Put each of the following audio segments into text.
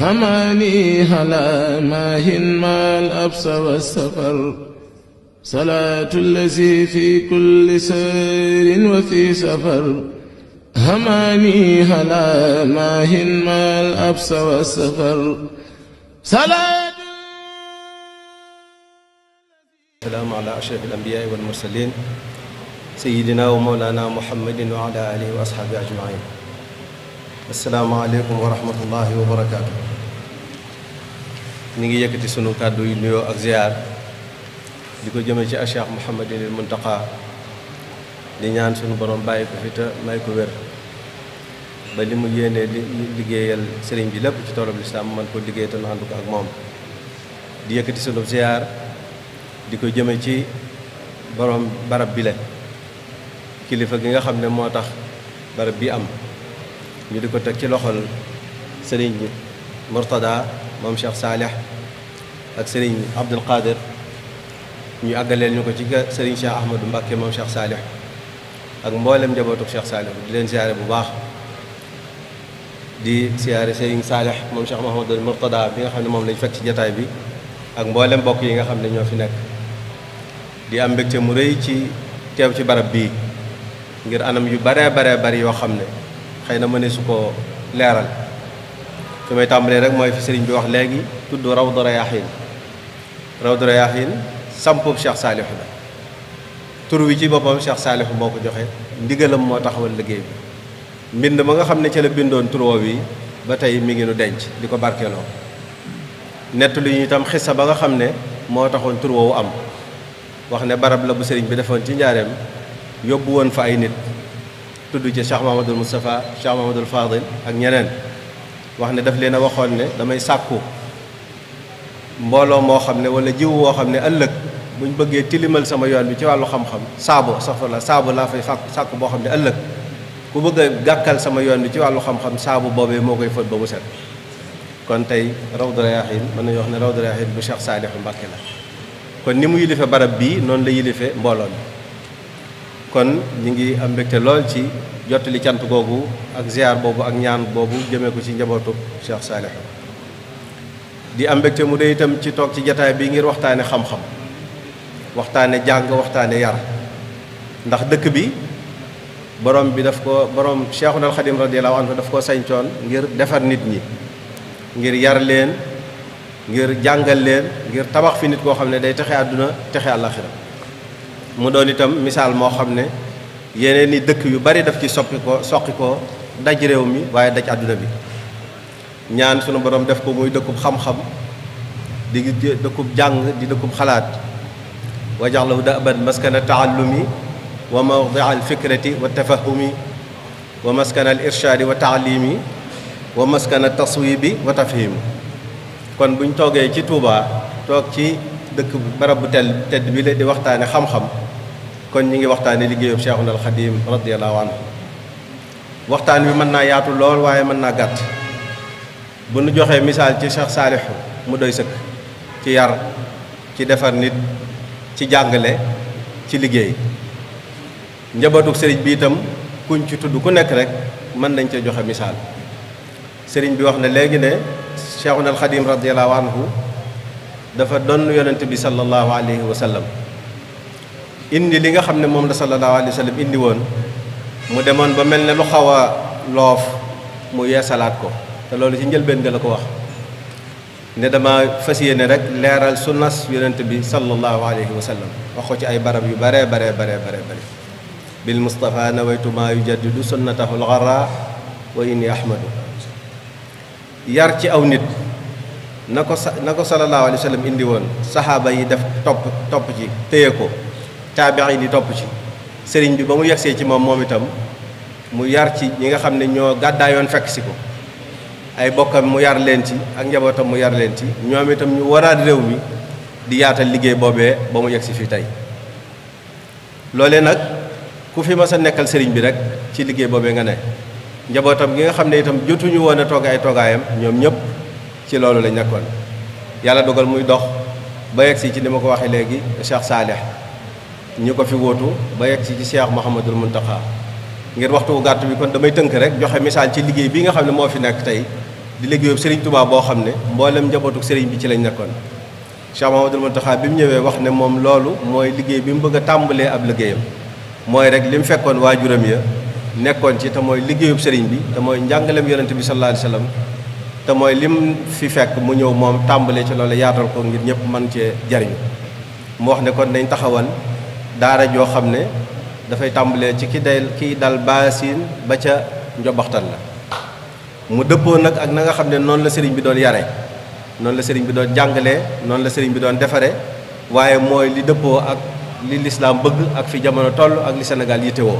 هماني هلا ماهن ما الأبس والسفر صلاة الذي في كل سير وفي سفر هماني هلا ماهن ما الأبس والسفر صلاة السلام على أشرف الأنبياء والمرسلين سيدنا ومولانا محمد وعلى آله وأصحابه أجمعين asalaamaaleykum wa rahmatullahi wa barakaatu. ñu ngi yëkkati sunu kàddu yu nuyoo ak ziar di ko jëme ci Cheikh Mouhamadinil Muntaqa di ñaan sunu borom bàyyi ko fi te may ko wér ba li mu yéenee liggéeyal sëriñ bi lépp ci toolub lislaam man ko liggéey te nu ko ak moom di yëkkati sunu ziar di ko jëme ci borom barab bi la kilifa gi nga xam ne moo tax barab bi am. ñu di ko teg ci loxol sëriñ Murtada moom Cheikh Saalih ak sëriñ Abdul Qadir ñu àggaleel ñu ko ci sëriñ Cheikh Ahmadou Mbacke moom Cheikh Saalih ak mboolem njabootu Cheikh Saalih di leen siyaare bu baax di siyaare sëriñ Saalih moom Cheikh Mahamadou Murtada bi nga xam ne moom lañ fekk ci jataay bi ak mboolem mbokk yi nga xam ne ñoo fi nekk di am mbégte mu rëy ci teew ci barab bii ngir anam yu baree baree bari yoo xam ne xëy na mëne su ko leeral fi may tàmbalee rek mooy fi sëriñ bi wax léegi tudd Rawdu Rayaahiin Rawdu Rayaahiin sampub Cheikh Saalihu la tur wi ci boppam Cheikh Saalihu boo ko joxe ndigalam moo taxawal liggéey bi mbind ma nga xam ne ca bindoon tur wi ba tey mi ngi nu denc di ko barkeeloo nett lu ñu itam xissa ba nga xam ne moo taxoon tur woowu am wax ne barab la bu sëriñ bi defoon ci njaareem yóbbu woon fa ay nit tudd ci Cheikh Mahamadul Moustapha Cheikh Mahamadul Fadil ak ñeneen wax ne daf leen a waxoon ne damay sàkku mbooloo moo xam ne wala jiw woo xam ne ëllëg buñ bëggee tilimal sama yoon bi ci wàllu xam-xam saabo safa saabo laa fay sàkku sàkku boo xam ne ëllëg ku bëgg gàkkal sama yoon bi ci wàllu xam-xam saabu boobee moo koy fët ba mu set kon tey raw Rawdu Rayaahiin mën nañu wax ne Rawdu Rayaahiin bu Cheikh Saalihu Mbàkke la kon ni mu yilife barab bii noonu la yilife mbooloo mi kon ñi ngi am mbégte lool ci jottali cant googu ak ziar boobu ak ñaan boobu jëmee ko ci njabootu Cheikh Salih di am mbégte mu dee itam ci toog ci jataay bi ngir waxtaane xam-xam waxtaane jàng waxtaane yar ndax dëkk bi borom bi daf ko borom Cheikhul Khadim radiyallahu anhu daf ko sañcoon ngir defar nit ñi ngir yar leen ngir jàngal leen ngir tabax fi nit koo xam ne day texe àdduna texe àllaaxira mu doon itam misaal moo xam ne yeneen i dëkk yu bari daf ci soppi ko soqi ko daj réew mi waaye daj àdduna bi ñaan sunu borom def ko muy dëkkub xam-xam di dëkkub jàng di dëkkub xalaat wa jaxlahu da'ban maskana taallumi wa mawdia alfikrati wa tafahumi wa maskana al irshaadi wa taalimi wa maskana taswibi wa tafhim kon buñ toogee ci Touba toog ci dëkk bu barab bu tel tedd bi la di waxtaane xam-xam kon ñi ngi waxtaane liggéeyub Cheikhul Khadim radiyallahu anhu waxtaan wi mën naa yaatu lool waaye mën naa gàtt bu nu joxee misaal ci Cheikh Saalihu mu doy sëkk ci yar ci defar nit ci jàngale ci liggéey njabootu sëriñ bi itam kuñ ci tudd ku nekk rek mën nañ cee joxe misaal sëriñ bi wax na léegi ne Cheikhul Khadim radiyallahu anhu dafa doon yonent bi sallallahu alayhi wa sallam indi li nga xam ne moom la sallallahu alayhi wa sallam indi woon mu demoon ba mel ne lu xaw a loof mu yeesalaat ko te loolu ci njëlbeen ga la ko wax ne dama fas yéene rek leeral sunnas yonent bi sallallahu alayhi wa sallam wax ko ci ay barab yu bare bare bare bare bare bil mustafa nawaytu maa yujaddidu sunnatahu lgarra wa indi ahmadu yar ci aw nit na ko sa na ko sallallahu alayhi wa indi woon saxaaba yi def topp topp ci téye ko taabeex yi di topp ci sëriñ bi ba mu yegsee ci moom moom itam mu yar ci ñi nga xam ne ñoo gàddaayoon fekk si ko ay bokkam mu yar leen ci ak njabootam mu yar leen ci ñoom itam ñu waraat réew mi di yaatal liggéey boobee ba mu yegsi fii tey loole nag ku fi mas nekkal sëriñ bi rek ci liggéey boobee nga ne njabootam gi nga xam ne itam jotuñu woon a toog toogaayam ñoom ñëpp ci loolu la nekkoon yàlla dogal muy dox ba yegsi ci ni ma ko waxee léegi Cheikh Saalih ñu ko fi wóotu ba yegg ci Cheikh Mouhamadul Mountakha ngir waxtu gàtt bi kon damay tënk rek joxe misaal ci liggéey bi nga xam ne moo fi nekk tey di liggéeyu Serigne Touba boo xam ne mboolem njabootu Serigne bi ci lañ nekkoon. Cheikh Mouhamadul Mountakha bi mu ñëwee wax ne moom loolu mooy liggéey bi mu bëgg a tàmbalee ab liggéeyam mooy rek li mu fekkoon waajuram ya nekkoon ci te mooy liggéeyub Serigne bi te mooy njàngaleem yonent bi sallallahu alayhi wasallam te mooy lim fi fekk mu ñëw moom tàmbalee ci loolu yaatal ko ngir ñëpp mën cee jariñu mu wax ne kon nañ taxawal daara joo xam ne dafay tàmbalee ci ki day kiy dal baasin ba ca njobaxtan la mu dëppoo nag ak nanga xam ne noonu la sëriñ bi doon yare noonu la sëriñ bi doon jàngale noonu la sëriñ bi doon defare waaye mooy li dëppoo ak li lislaam bëgg ak fi jamono toll ak li Sénégal yittewoo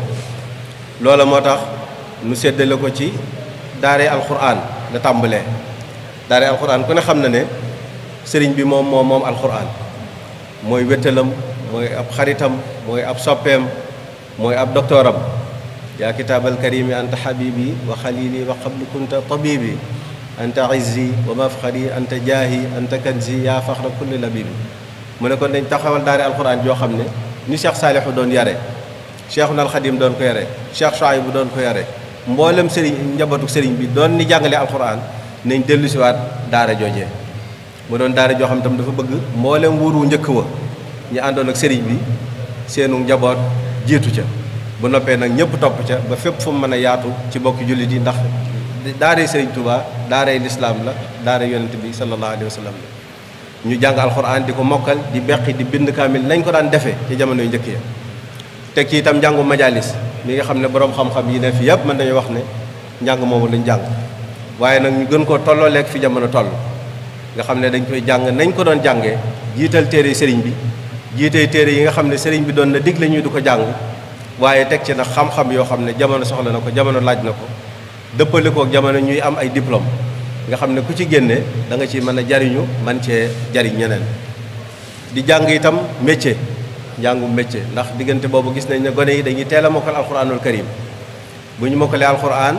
loola moo tax nu seddale ko ci daaree alxuraan la tàmbalee daaree alxuraan ku ne xam na ne sëriñ bi moom moom moom alxuraan mooy wéttalam mooy ab xaritam mooy ab soppeem mooy ab doktooram yaa kitaabal karimi anta xabibi wa xalili wa xablu kunta tabibi anta izzi wa mafxari anta jaahi anta kanzi yaa faxra kulli labibi mu ne kon dañ taxawal daari alxuraan joo xam ne ni cheikh saalixu doon yare cheikhuna alxadim doon ko yare cheikh Shuaybu bu doon ko yare mboolem sëriñ njabootu sëriñ bi doon ni jàngale alxuraan nañ dellusiwaat daara jooje mu doon daara joo xam tam dafa bëgg mboolem wuuru njëkk wa ñu àndoon ak sëriñ bi seenu njaboot jiitu ca bu noppee nag ñëpp topp ca ba fépp fu mën a yaatu ci bokki jullit yi ndax daaray sëriñ Touba daaray lislaam la daaray yonent bi sallallahu alayhi wa sallam la ñu jàng alxuraan di ko mokkal di beqi di bind kaamil nañ ko daan defee ci jamonoy yu njëkk ya teg ci itam njàngu majalis mi nga xam ne boroom xam-xam yi ne fi yëpp mën nañu wax ne njàng moomu lañ jàng waaye nag ñu gën koo tolloo lekk fi jamono toll nga xam ne dañ koy jàng nañ ko doon jàngee jiital téere sëriñ bi jiitey téere yi nga xam ne sëriñ bi doon na digle ñu di ko jàng waaye teg ci ndax xam-xam yoo xam ne jamono soxla na ko jamono laaj na ko dëppale ko jamono ñuy am ay diplôme nga xam ne ku ci génne da nga ci mën a jariñu man cee jariñ ñeneen di jàng itam métier njàngum mecce ndax diggante boobu gis nañ ne gone yi dañuy teel a mokkal alxuraanul karim bu ñu mokkalee alxuraan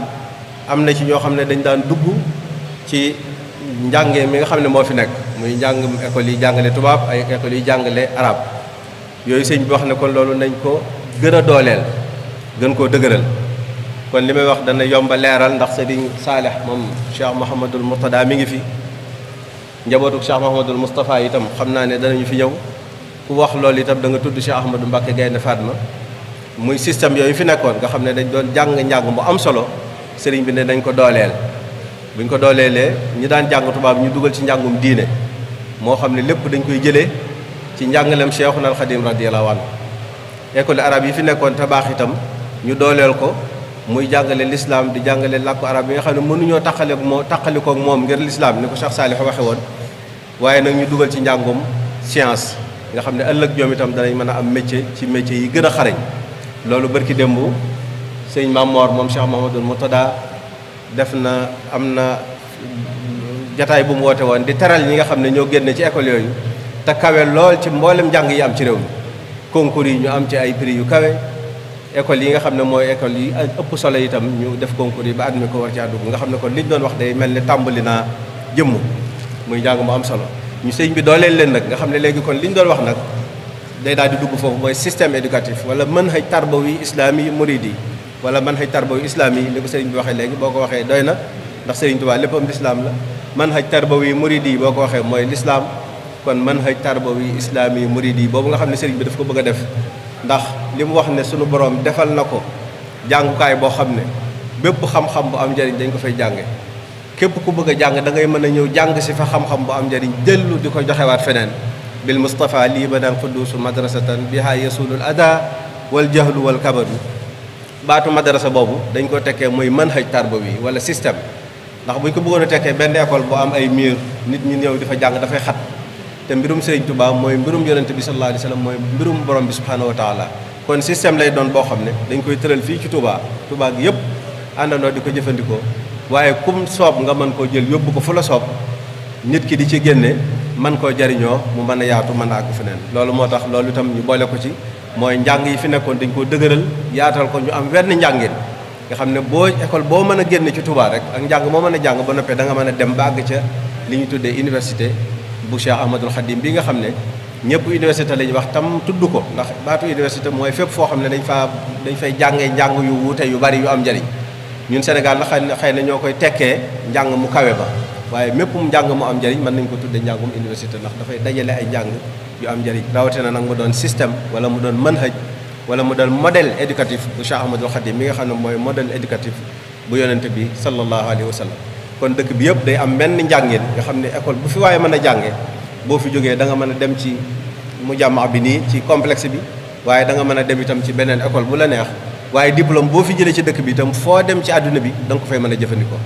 am na ci ñoo xam ne dañ daan dugg ci njàngee mi nga xam ne moo fi nekk muy njàngum école yi jàngale tubaab ay école yi jàngale arab yooyu sëñ bi wax ne kon loolu nañ ko gën a dooleel gën koo dëgëral kon li may wax dana yomba leeral ndax sëriñ Saalix moom Cheikh Mouhamadul Mourtada mi ngi fi njabootu Cheikh Mouhamadul Moustapha itam xam naa ne danañu fi yow ku wax loolu itam da nga tudd Cheikh Ahmadou Mbacke Gaynde Fatma muy système yooyu fi nekkoon nga xam ne dañ doon jàng njàng mu am solo sëriñ bi ne dañ ko dooleel buñ ko dooleelee ñi daan jàng tubaab ñu dugal ci njàngum diine moo xam ne lépp dañ koy jële ci njàngalem Cheikhuna al Xadim radiyallahu anhu école arab yi fi nekkoon te baax itam ñu dooleel ko muy jàngale lislaam di jàngale làkku arab yi nga xam ne mënuñoo taqale moo taqali koog moom ngir lislaam ni ko Cheikh Saalix waxe woon waaye nag ñu dugal ci njàngum science nga xam ne ëllëg joom itam danañ mën a am métier ci métier yi gën a xarañ loolu bërki démb sëñ Mamor moom Cheikh Mahamadul Murtada def na am na jataay bu mu woote woon di teral ñi nga xam ne ñoo génne ci école yooyu te kawe lool ci mboolem njàng yi am ci réew mi concours yi ñu am ci ay prix yu kawe école yi nga xam ne mooy école yi ëpp solo itam ñu def concours yi ba at ko war caa bu nga xam ne kon liñ doon wax day mel ni tàmbali naa jëmm muy njàng mu am solo ñu sëñ bi dooleel leen nag nga xam ne léegi kon liñ doon wax nag day daal di dugg foofu mooy système éducatif wala manhaj tarbawi islami muridi wala manhaj tarbawi islaami li ko sëriñ bi waxee léegi boo ko waxee doy na ndax sëriñ Tuubaa léppam lislaam la manhaj tarbawi muridi yi boo ko waxee mooy lislaam kon man manhaj tarbawi islaami muridi bu nga xam ne sëriñ bi daf ko bëgg a def ndax li mu wax ne sunu boroom defal na ko jàngukaay boo xam ne bépp xam-xam bu am njariñ dañ ko fay jànge képp ku bëgg a jàng da ngay mën a ñëw jàng si fa xam-xam bu am njëriñ dellu di ko joxewaat feneen bil mustapha lii ba daan xudduusu madrasatan biha yasulul ada wal jahlu wal kabaru baatu madarasa boobu dañ ko tekkee muy manhaj tarbawi wala système ndax buñ ko bëggoon tekkee benn école bu am ay mur nit ñi ñëw di fa jàng dafay xat te mbirum Sëriñ Tuubaa mooy mbirum yonent bi sallallahu alayhi wa mooy mbirum borom bi subhaanahu wa taala kon système lay doon boo xam ne dañ koy tëral fii ci tubaa Touba gi yëpp àndandoo di ko jëfandikoo waaye kum soob nga mën koo jël yóbbu ko fu la soob nit ki di ci génne man koo jariñoo mu mën a yaatu mën a àgg feneen loolu moo tax loolu itam ñu boole ko ci mooy njàng yi fi nekkoon dañ koo dëgëral yaatal ko ñu am wenn njàngin nga xam ne boo école boo mën a génn ci Touba rek ak njàng moo mën a jàng ba noppee da mën a dem ba ca li ñu tuddee université bu Cheikh Ahmadul Khadim bi nga xam ne ñëpp université lañu wax tam tudd ko ndax baatu université mooy fépp foo xam ne dañ faa dañ fay jàngee njàng yu wuute yu bari yu am njëriñ ñun Sénégal na xëy na ñoo koy tekkee njàng mu kawe ba waaye mépp mu njàng mu am njëriñ mën nañ ko tudde njàngum université ndax dafay dajale ay njàng yu am njëriñ rawatina nag mu doon système wala mu doon manhaj wala mu doon modèle éducatif bu Cheikh Ahmadul Khadim mi nga xam ne mooy modèle éducatif bu yonent bi sallallahu alayhi wa sallam kon dëkk bi yëpp day am benn njàngeen nga xam ne école bu fi waaye mën a jàngee boo fi jógee danga mën a dem ci mu jàmma bi nii ci complexe bi waaye danga mën a dem itam ci beneen école bu la neex waaye diplôme boo fi jëlee ci dëkk bi itam foo dem ci àdduna bi da ko fay mën a jëfandikoo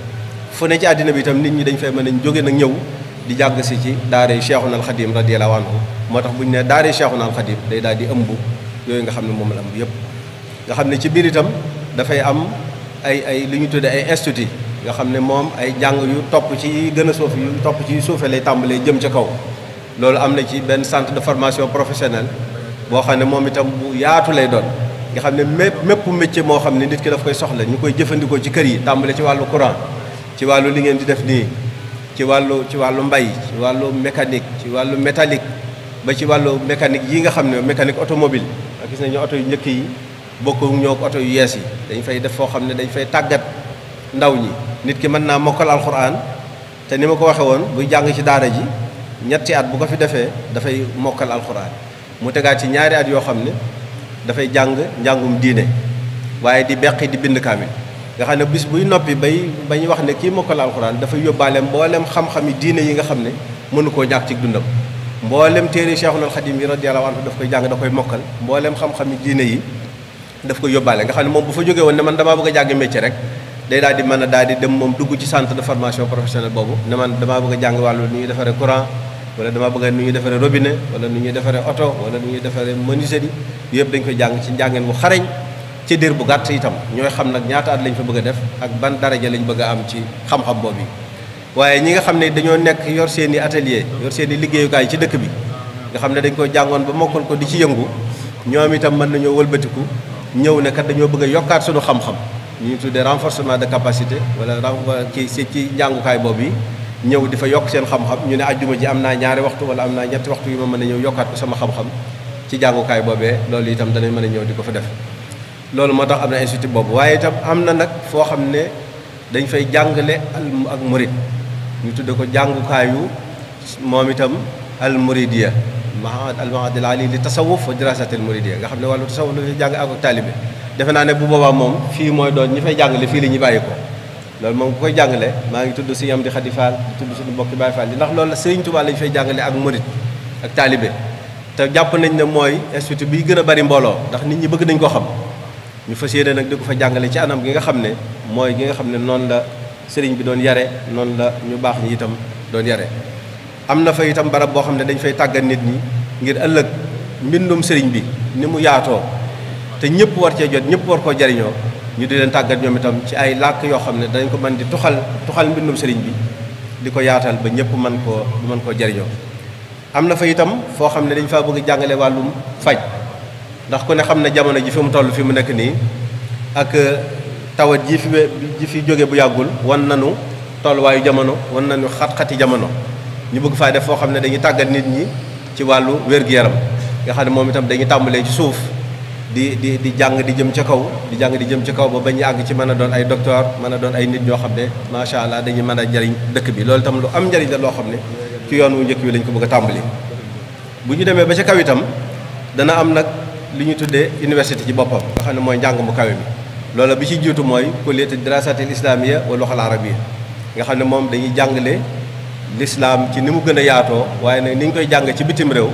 fu ne bi itam nit ñi dañ fay mën a jóge nag ñëw di jàng si ci daaree Cheikhuna al Khadim radiyallahu anhu moo tax bu ñu nee daaree Cheikhuna al Khadim day daal di ëmb yooyu nga xam ne moom la yëpp. nga xam ne ci biir itam dafay am ay ay lu ñu tuddee ay institut nga xam ne moom ay jàng yu topp ci gën a suuf yu topp ci suufee lay tàmbalee jëm ca kaw. loolu am na ci benn centre de formation professionnelle boo xam ne moom itam bu yaatu lay doon nga xam ne mépp mépp métier moo xam ne nit ki daf koy soxla ñu koy jëfandikoo ci kër yi tàmbale ci wàllu courant ci wàllu li ngeen di def nii. ci wàllu ci wàllu mbay ci wàllu mécanique ci wàllu métallique ba ci wàllu mécanique yi nga xam ne mécanique automobile ak gis nañu oto yu njëkk yi bokku ñoo ak oto yu yees yi dañ fay def foo xam ne dañ fay tàggat ndaw ñi nit ki mën naa mokkal alxuraan te ni ma ko waxee woon buy jàng ci daara ji ñetti at bu ko fi defee dafay mokkal alxuraan mu tegaat ci ñaari at yoo xam ne dafay jàng njàngum diine waaye di beqi di bind kaamil nga xam ne bis buy noppi bay bañ wax ne kii mokkal alxuraan dafa yóbbaale mboolem xam-xami diine yi nga xam ne mënu koo ñàkk ci dundam mboolem téere Cheikhul Xadim yi radiyallahu anhu daf koy jàng da koy mokkal mboolem xam-xami diine yi daf koy yóbbaale nga ne moom bu fa jógee woon ne man damaa bëgg a jàng métier rek day di mën daal di dem moom dugg ci centre de formation professionnelle boobu ne man damaa bëgg a jàng wàllu nu ñuy defaree courant wala damaa bëgg nu ñuy defaree robinet wala nu ñuy defaree oto wala nu ñuy defaree menuiserie yëpp dañ koy jàng ci njàngeen bu xarañ ci diir bu gàtt itam ñooy xam nag ñaata at lañ fa bëgg a def ak ban daraja lañ bëgg a am ci xam-xam boobu waaye ñi nga xam ne dañoo nekk yor seen i atelier yor seen i liggéeyukaay ci dëkk bi nga xam ne dañ ko jàngoon ba mokkal ko di ci yëngu ñoom itam mën nañoo wëlbatiku ñëw ne kat dañoo bëgg a yokkaat suñu xam-xam ñu tuddee renforcement de capacité wala ci ci njàngukaay boobu yi ñëw di fa yokk seen xam ñu ne ajjuma ji am naa ñaari waxtu wala am naa ñetti waxtu yu ma mën ñëw yokkaat ko sama xam-xam ci jàngukaay boobee loolu itam danañ mën a ñëw di ko fa def loolu moo tax am na institut boobu waaye itam am na nag foo xam ne dañ fay jàngale ak murid ñu tudde ko jàngukaayu moom itam al muridiya mahad al mahad al ali li tasawuf wa dirasat al muridiya nga xam ne wàllu tasawuf la jàng ak taalibe naa ne bu boobaa moom fii mooy doon ñi fay jàngale fii la ñu bàyyi ko loolu moom bu koy jàngale maa ngi tudd si am di Xadi Faal di tudd suñu mbokki Baay Faal yi ndax loolu la Sëriñ Tuubaa lañu fay jàngale ak murid ak taalibe te jàpp nañ ne mooy institut bi gën a bari mbooloo ndax nit ñi bëgg nañ koo xam ñu fas yéene nag di ko fa jàngale ci anam gi nga xam ne mooy gi nga xam ne noonu la sëriñ bi doon yare noonu la ñu baax ñi itam doon yare am na fa itam barab boo xam ne dañ fay tàggat nit ñi ngir ëllëg mbindum sëriñ bi ni mu yaatoo te ñëpp war cee jot ñëpp war koo jariñoo ñu di leen ñoom itam ci ay làkk yoo xam ne dañ ko mën di tuxal tuxal mbindum sëriñ bi di ko yaatal ba ñëpp mën koo mën koo jariñoo am na fa itam foo xam ne dañ faa bëgg jàngale wàllum faj ndax ko ne xam ne jamono ji fi mu toll fi mu nekk nii ak euh, tawat jii fi fi jóge bu yàggul wan nanu tolluwaayu jamono wan nañu xat-xati jamono ñu bëgg faa def foo xam ne dañuy tàggat nit ñi ci wàllu wér-gu-yaram nga xam ne moom itam dañuy tàmbalee ci suuf di di di jàng di jëm ca kaw di jàng di jëm ca kaw ba ba ñu àgg ci mën a doon ay docteur mën a doon ay nit ñoo xam ne macha allah dañuy mën a jariñ dëkk bi loolu itam lu am njariñ la loo xam ne ci yoon wu njëkk wi lañ ko bëgg a tàmbali demee ba ca kaw itam nag li ñu tuddee université ci boppam nga xam ne mooy njàng mu kawe mi loola bi ci jiitu mooy kulliyatu dirasatil islamiyya wal lughal arabiyya nga xam ne moom dañuy jàngale l'islam ci ni mu gën a yaatoo waaye nag ni ñu koy jàng ci bitim réew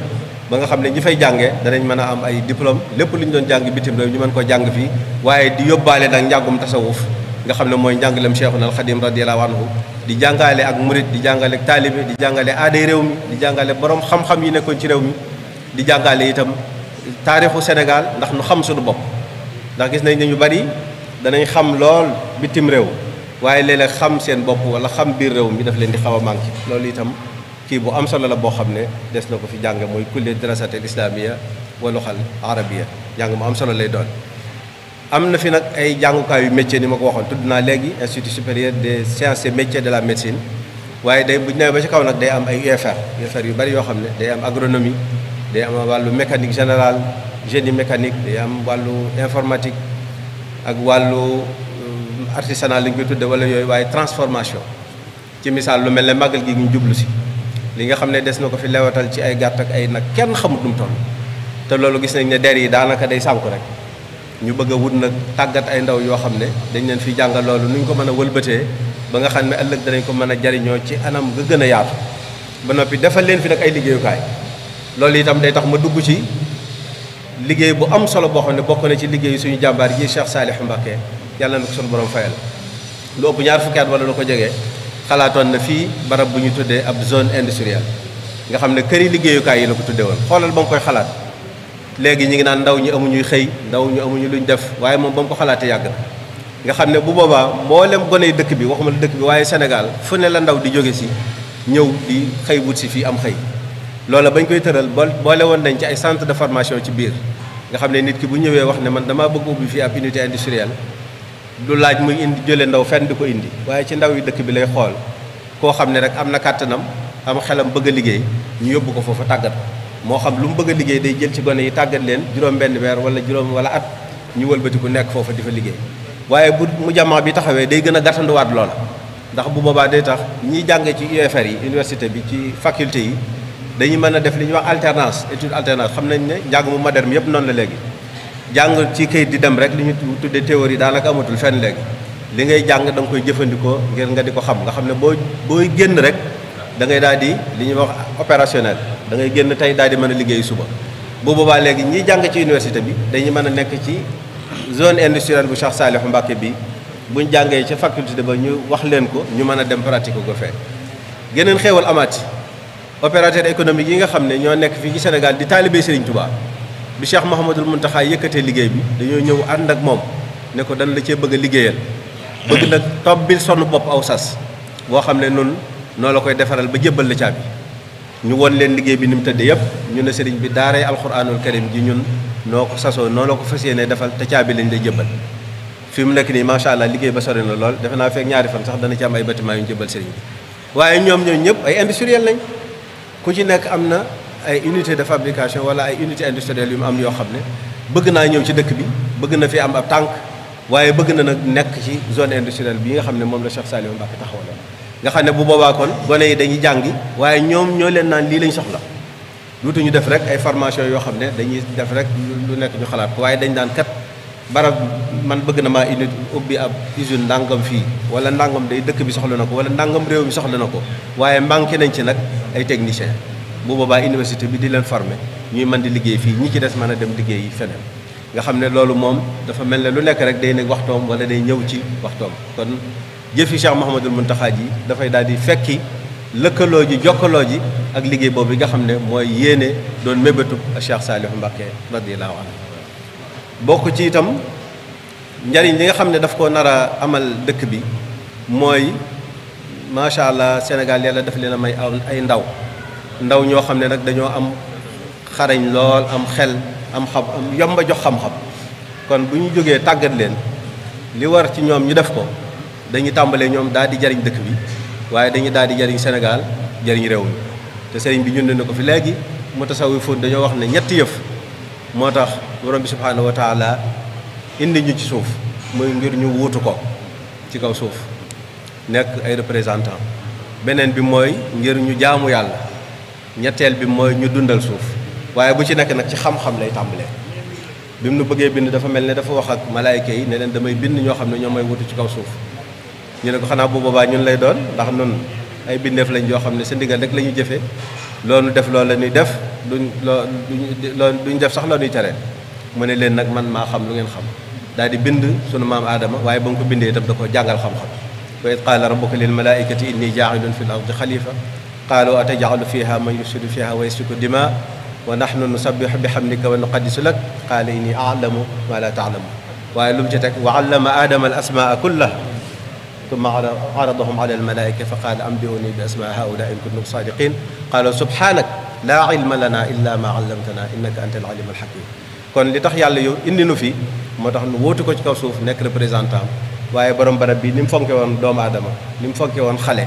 ba nga xam ne ñi fay jànge danañ mën a am ay diplôme lépp lu ñu doon jàng bitim réew ñu mën koo jàng fii waaye di yóbbaale nag njàngum tasawuf nga xam ne mooy njàngalem Cheikhuna al Xadim radiyallahu anhu di jàngale ak murit di jàngale ak taalibe di jàngale aaday réew mi jàngale borom xam yi nekkoon ci réew mi di jàngale itam taarixu Sénégal ndax nu xam suñu bopp ndax gis nañ ñu bari danañ xam lool bitim réew waaye léeg-léeg xam seen bopp wala xam biir réew mi daf leen di xaw a manqué loolu itam kii bu am solo la boo xam ne des na ko fi jàng mooy kulle dirasatel islamiya wala xal arabiya jàng mu am solo lay doon. am na fi nag ay jàngukaayu métier ni ma ko waxoon tudd naa léegi institut supérieur de sciences et métiers de la médecine waaye day bu ñu nee ba ci kaw nag day am ay UFR UFR yu bari yoo xam ne day am agronomie. day am wàllu mécanique général génie mécanique day am wàllu informatique ak wàllu euh, artisanal li ñu koy tudde wala yooyu waaye transformation ci misaal lu mel ne màggal gi ñu jublu si li nga xam ne des na ko fi lewatal ci ay gàtt ak ay nag kenn xamut nu toll te loolu gis nañ ne der yi daanaka day sànku rek ñu bëgg a wut nag tàggat ay ndaw yoo xam ne dañ leen fi jàngal loolu nu ñu ko mën a wëlbatee ba nga xam ne ëllëg danañ ko mën a jariñoo ci anam nga gën a yaatu ba noppi defal leen fi nag ay liggéeyukaay loolu itam day tax ma dugg ci liggéey bu am solo boo xam ne bokk na ci liggéey suñu jàmbaar ji Cheikh Saliou Mbacké yàlla na ko sunu borom fayal lu ëpp ñaar fukki at wala lu ko jege xalaatoon na fii barab bu ñu tuddee ab zone industrielle nga xam ne kër yi liggéeyukaay yi la ko tuddee woon xoolal ba mu koy xalaat léegi ñu ngi naan ndaw ñi amuñuy xëy ndaw ñu amuñu luñ def waaye moom ba mu ko xalaatee yàgg na nga xam ne bu boobaa mboolem gone dëkk bi waxuma la dëkk bi waaye Sénégal fu la ndaw di jóge si ñëw di xëy wut si fii am xëy loola bañ koy tëral boole woon nañ ci ay centre de formation ci biir nga xam ne nit ki bu ñëwee wax ne man dama bëgg ubbi fii ab unité industrielle lu laaj muy indi jële ndaw fenn di ko indi waaye ci ndaw yi dëkk bi lay xool koo xam ne rek am na kàttanam am xelam bëgg a liggéey ñu yóbbu ko foofa tàggat moo xam lu mu bëgg a liggéey day jël ci gone yi tàggat leen juróom benn weer wala juróom wala at ñu wëlbatiku nekk foofa di fa liggéey waaye bu mu jamaa bi taxawee day gën a gàttanduwaat loola ndax bu boobaa day tax ñiy jànge ci UFR yi université bi ci faculté yi dañuy mën a def li ñuy wax alternance étude alternance xam nañ ne njàng mu moderne yëpp noonu la léegi jàng ci kayit di dem rek li ñu tuddee théorie daanaka amatul fenn léegi li ngay jàng da koy jëfandikoo ngir nga di ko xam nga xam ne boo booy génn rek da ngay daal di li ñuy wax opérationnel da ngay génn tey daal di mën a liggéey suba bu boobaa léegi ñi jàng ci université bi dañuy mën a nekk ci zone industrielle bu Cheikh Saliou Mbacké bi buñ jàngee ca faculté ba ñu wax leen ko ñu mën a dem pratique ko fee geneen xéewal amaat opérateur économique yi nga xam ne ñoo nekk fii ci Sénégal di taalibe Serigne Touba bi Cheikh Mouhamadul Mountakha yëkkatee liggéey bi dañoo ñëw ànd ak moom ne ko dañ la cee bëgg liggéeyal bëgg nag tobbil sonn bopp aw sas boo xam ne noonu noo la koy defaral ba jébbal la caabi ñu won leen liggéey bi ni mu tëddee yëpp ñu ne sëriñ bi daaray alxuraanul karim ji ñun noo ko sasoo noo la ko fas ne defal te caabi lañ lay jébbal fi mu nekk nii macha allah liggéey ba sori na lool defe naa fekk ñaari fan sax dana am ay bâtiment yu ñu waaye ñoom ñooñu ñëpp ay industriel lañ ku ci nekk am na ay unité de fabrication wala ay unité industrielle yu mu am yoo xam ne bëgg naa ñëw ci dëkk bi bëgg na fi am ab tànk waaye bëgg na nag nekk ci zone industrielle bi nga xam ne moom la Cheikh Saliou Mbacké taxawaloon nga xam ne bu boobaakoon kon gone yi dañuy jàngi waaye ñoom ñoo leen naan lii lañ soxla ñu def rek ay formation yoo xam ne dañuy def rek lu nekk ñu xalaat waaye dañ daan kat barab man bëgg na maa unité ubbi ab usine ndàngam fii wala ndàngam day dëkk bi soxla na ko wala ndàngam réew mi soxla na ko waaye manqué nañ ci nag ay technicien bu boobaa université bi di leen formé ñuy mën di liggéey fii ñi ci des mën a dem liggéey feneen nga xam ne loolu moom dafa mel ne lu nekk rek day nekk waxtoom wala day ñëw ci waxtoom kon jëfi Cheikh Mouhamadul Mountakha ji dafay daal di fekki lëkkaloo ji jokkaloo ji ak liggéey boobu bi nga xam ne mooy yéene doon mébétub Cheikh Saliou Mbacké radiyallahu anhu bokk ci itam njariñ li nga xam ne daf ko nar a amal dëkk bi mooy macha allah Sénégal yàlla daf leen a may aw ay ndaw ndaw ñoo xam ne nag dañoo am xarañ lool am xel am xam yomba jox xam-xam kon bu ñu jógee tàggat leen li war ci ñoom ñu def ko dañuy tàmbalee ñoom daal di jariñ dëkk bi waaye dañuy daal di jariñ Sénégal jariñ réew mi te sëriñ bi ñun na ko fi léegi mu tasawu fóot dañoo wax ne ñetti yëf moo tax borom bi subhaanahu wa taala indi ñu ci suuf muy ngir ñu wuutu ko ci kaw suuf nekk ay représentant beneen bi mooy ngir ñu jaamu yàlla ñetteel bi mooy ñu dundal suuf waaye bu ci nekk nag ci xam-xam lay tàmbalee bi mu nu bëggee bind dafa mel ne dafa wax ak malaayka yi ne leen damay bind ñoo xam ne ñoo may wutu ci kaw suuf ñu ne ko xanaa boobaa ñun lay doon ndax nun ay bindeef lañ yoo xam ne sa ndigal rek la ñuy jëfee loolu def loolu la ñuy def duñ loo duñ duñ def sax loo ñuy tere mu ne leen nag man maa xam lu ngeen xam daal di bind sunu maam Aadama waaye ba nga ko bindee itam da ko jàngal xam-xam wa id qaala rabbuka lil malaikati inni jaa'ilun fil ardi xalifa qaalu ataj'alu fiha man yufsidu fiha wa yasfiku dima wa nahnu nusabbihu bihamdika wa nuqaddisu lak qaala inni a'lamu ma la ta'lamu waaye lu mu ci teg wa 'allama aadama al asmaa kullaha thumma aradahum 'ala al malaika fa qaala anbi'uni bi asmaa haula in kuntum sadiqin qaalu subhanak laa ilma lana illa ma 'allamtana innaka anta al 'alim al hakim kon li tax yàlla yow indi nu fi moo tax nu wóotu ko ci kaw suuf nekk représentant waaye borom barab bi ni mu fonke woon doomu aadama ni mu fonke woon xale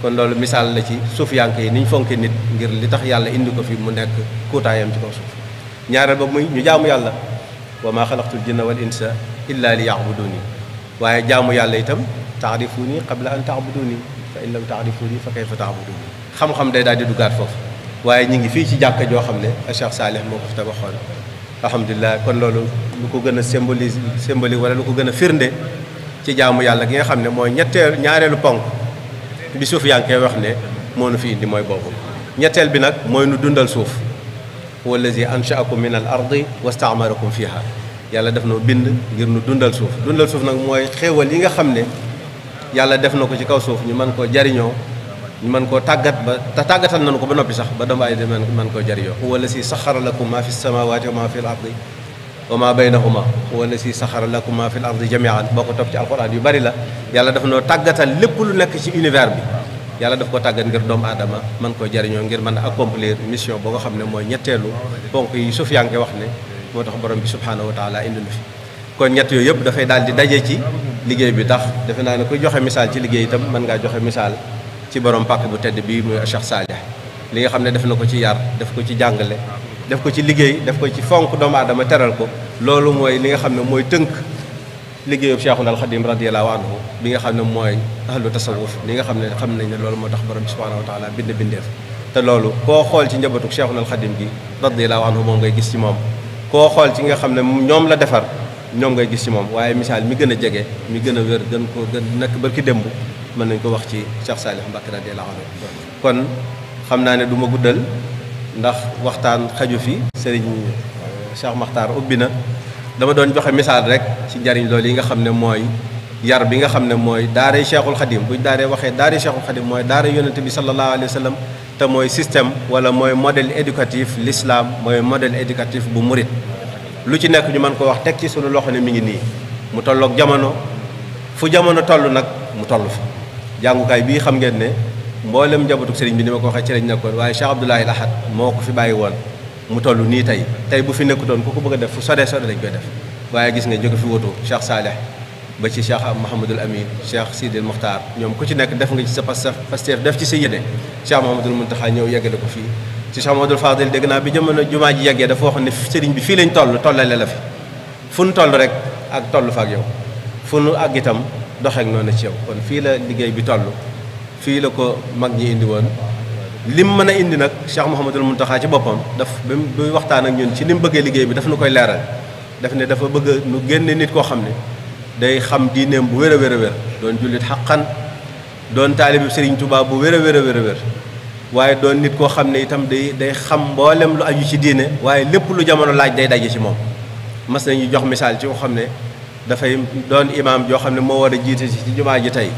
kon loolu misaal la ci suufiyanke yi ni ñu fonke nit ngir li tax yàlla indi ko fi mu nekk kuutaayam ci kaw suuf ñaareel ba muy ñu jaamu yàlla wa maa xalaqtul jinna wal insa illa li yaabuduni waaye jaamu yàlla itam taarifuni qabla an taabuduni fa in lam taarifuni fa kayfa taabuduni xam-xam day daal di duggaat foofu waaye ñu ngi fii ci jàkka joo xam ne Cheikh Saalih moo ko fi tabaxoon alhamdulilah kon loolu lu ko gën a symboliser symbolique wala lu ko gën a firnde ci jaamu yàlla gi nga xam ne mooy ñetteel ñaareelu ponk bi suuf yaa ngi koy wax ne moo nu fi indi mooy boobu ñetteel bi nag mooy nu dundal suuf wallazi anshaakum min al ardi wastaamarakum fii yàlla def noo bind ngir nu dundal suuf dundal suuf nag mooy xéewal yi nga xam ne yàlla def na ko ci kaw suuf ñu mën koo jariñoo ñu mën koo tàggat ba te tàggatal nañu ko ba noppi sax ba doomu aadama mën koo jariñoo huwa allazi saxara lakum ma fi samawati wa ma fi l ardi wa ma baynahuma huwa lasi saxara lakuma fi l ardi jamian boo ko topp ci alquran yu bari la yàlla dafa noo tàggatal lépp lu nekk ci univers bi yàlla daf ko tàggat ngir doomu aadama mën koo jariñoo ngir mën a accomplir mission boo nga xam ne mooy ñetteelu ponk yi suuf yaa ngi wax ne moo tax borom bi subhanahu wa taala indi na fi kon ñett yooyu yëpp dafay daal di daje ci liggéey bi tax defe naa ne kuy joxe misaal ci liggéey itam mën ngaa joxe misaal ci borom pàkk bu tedd bi muy Cheikh li nga xam ne def na ko ci yar def ko ci jàngale def ko ci liggéey def ko ci fonk doomu adama teral ko loolu mooy li nga xam ne mooy tënk liggéeyub Cheikhul Khadim radiyallahu anhu bi nga xam ne mooy ahlu tasawuf li nga xam ne xam nañ ne loolu moo tax borom bi subhanahu wa taala bind bindeef te loolu koo xool ci njabootu Cheikhul Khadim gi radiyallahu anhu moom ngay gis ci moom koo xool ci nga xam ne ñoom la defar ñoom ngay gis ci moom waaye misaal mi gën a jege mi gën a wér gën ko gën nekk barki démb mën nañ ko wax ci Cheikh Salih Mbacké radiyallahu anhu kon xam naa ne du ma guddal ndax waxtaan xaju fi sëriñ euh, Cheikh Makhtar ubbi na dama doon joxe misaal rek ci njariñ loolu yi nga xam ne mooy yar bi nga xam ne mooy daaree Cheikhul Khadim buñ daaree waxee daaree Cheikhul Khadim mooy daare yonente bi sallallahu alayhi wa te mooy système wala mooy modèle éducatif lislaam mooy modèle éducatif bu murit lu ci nekk ñu mën ko wax teg ci suñu loxo ne mu ngi nii mu tollook jamono fu jamono toll nag mu toll fi jàngukaay bii xam ngeen mboolem njabootu sëriñ bi ni ma ko waxee ci lañ nekkoon waaye Cheikh Abdoulaye Lahad moo ko fi bàyyi woon mu toll nii tey tey bu fi nekkutoon doon ko ko bëgg def fu sodee sodee lañ koy def waaye gis nga jóge fi wutu Cheikh Saleh ba ci Cheikh Mahamadul Amin Cheikh Sidil Mokhtar ñoom ku ci nekk def nga ci sa pas pasteef def ci sa yéene Cheikh Mahamadul Muntaxa ñëw ko fii ci Cheikh Mahamadul Fadil dégg naa bi jamono jumaa ji yeggee dafa waxoon ne sëriñ bi fii lañ toll tollale la fi fu nu toll rek ak tollu fa ak yow fu nu àgg itam ci yow kon fii la liggéey bi toll fii la ko mag ñi indi woon lim mën a indi nag Cheikh Mouhamadul Mountakha ci boppam daf bi mu waxtaan ak ñun ci ni mu bëggee liggéey bi daf na koy leeral daf ne dafa bëgg nu génne nit koo xam ne day xam diineem bu wér a wér a wér doon jullit xaqan doon taalibi Serigne Touba bu wér a wér a wér wér waaye doon nit koo xam ne itam day day xam mboolem lu aju ci diine waaye lépp lu jamono laaj day daje ci moom mas nañu jox misaal ci koo xam ne dafay doon imaam joo xam ne moo war a jiite ci jumaa ji tey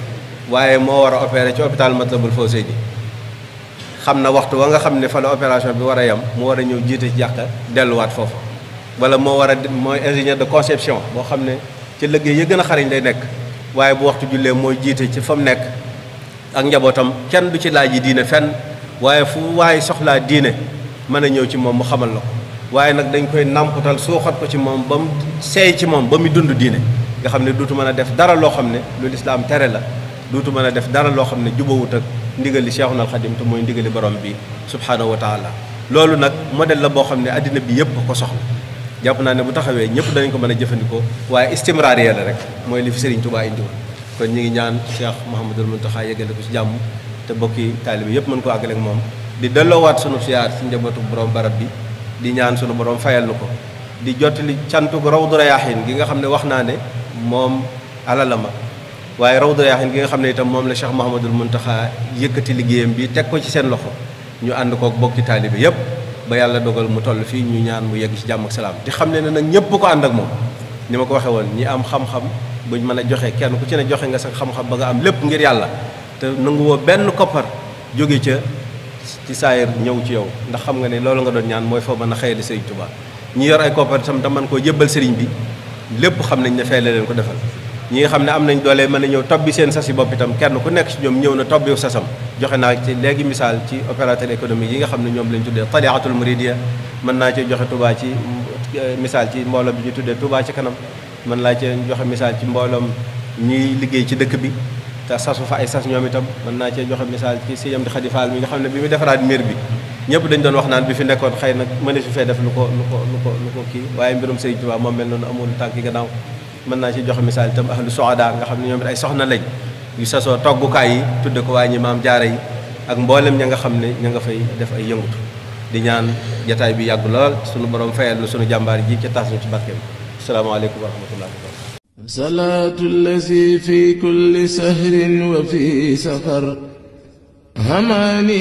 waaye moo war a opéré ci hôpital Matlaboul Fawzeyni xam na waxtu wa nga xam ne fa la opération bi war a yem mu war a ñëw jiite ci delluwaat foofu wala moo war a mooy ingénieur de conception boo xam ne ci liggéey yi gën a xarañ lay nekk waaye bu waxtu jullee mooy jiite ci fa mu nekk ak njabootam kenn du ci laaj yi diine fenn waaye fu waaye soxlaa diine mën a ñëw ci moom mu xamal la ko waaye nag dañ koy nàmputal suuxat ko ci moom ba mu seey ci moom ba mu dund diine nga xam ne duutu mën a def dara loo xam ne lu lislaam tere la dootu mën a def dara loo xam ne jubawut ak ndigali Cheikhul Khadim te mooy ndigali borom bi subhanahu wa taala loolu nag modèle la boo xam ne àddina bi yëpp ko soxla jàpp naa ne bu taxawee ñëpp danañ ko mën a jëfandikoo waaye istimraar ya la rek mooy li fi Serigne Touba indi woon kon ñu ngi ñaan Cheikh Mouhamadul Mountakha yeggale ko ci jàmm te bokki taalibe yëpp mën ko àggale ak moom di delloowaat sunu siyaar ci njabootu borom barab bi di ñaan sunu borom fayal ko di jottali cantu raw du rayaaxin gi nga xam ne wax naa ne moom alala ma waaye rawdu rayaaxin gi nga xam ne itam moom la Cheikh Mouhamadul Mountakha yëkkati liggéeyam bi teg ko ci seen loxo ñu ànd kook bokki taalibe yépp ba yàlla dogal mu toll fii ñu ñaan mu yegg ci jàmm ak salaam di xam ne ne nag ñëpp ko ànd ak moom ni ko waxee woon ñi am xam-xam mën a joxe kenn ku ci ne joxe nga sa xam-xam ba nga am lépp ngir yàlla te nangu woo benn koppar jóge ca ci saayir ñëw ci yow ndax xam nga ne loolu nga doon ñaan mooy foo mën a di Sëriñ Tuubaa ñi yor ay koppar itam te man koo jébbal sëriñ bi lépp xam nañ ne fee leen ko defal ñi nga xam ne am nañ doole mën a ñëw bi seen sasi bopp itam kenn ku nekk ci ñoom ñëw na tobbiw sasam joxe naa ci léegi misaal ci opérateur économique yi nga xam ne ñoom lañ tuddee taliatul muridiya mën naa cee joxe Touba ci euh, misaal ci mbooloom bi ñu tuddee Touba ci kanam mën laa cee joxe misaal ci mbooloom ñuy liggéey ci dëkk bi te sasu fa ay sas ñoom itam mën naa cee joxe misaal ci si yam di Xadi Faal mi nga xam ne bi muy defaraat miir bi ñëpp dañ doon wax naan bi fi nekkoon xëy nag mëne su fee def lu ko lu ko lu ko lu ko kii waaye mbirum Sëriñ Tuubaa moom mel noonu amul tànk yi gannaaw mën naa ci joxe misaal itam ahlu soada nga xam ne ñoom it ay soxna lañ yu sasoo toggukaay yi tudde ko waa ñi maam jaara yi ak mboolem ña nga xam ne ña nga fay def ay yëngutu di ñaan jataay bi yàgg lool sunu borom fayal nu sunu jàmbaar ji ca taas nu ci barkeem asalaamaaleykum wa rahmatullahi wa barakatu salaatu allazi fi kulli sahrin wa fi safar hamaani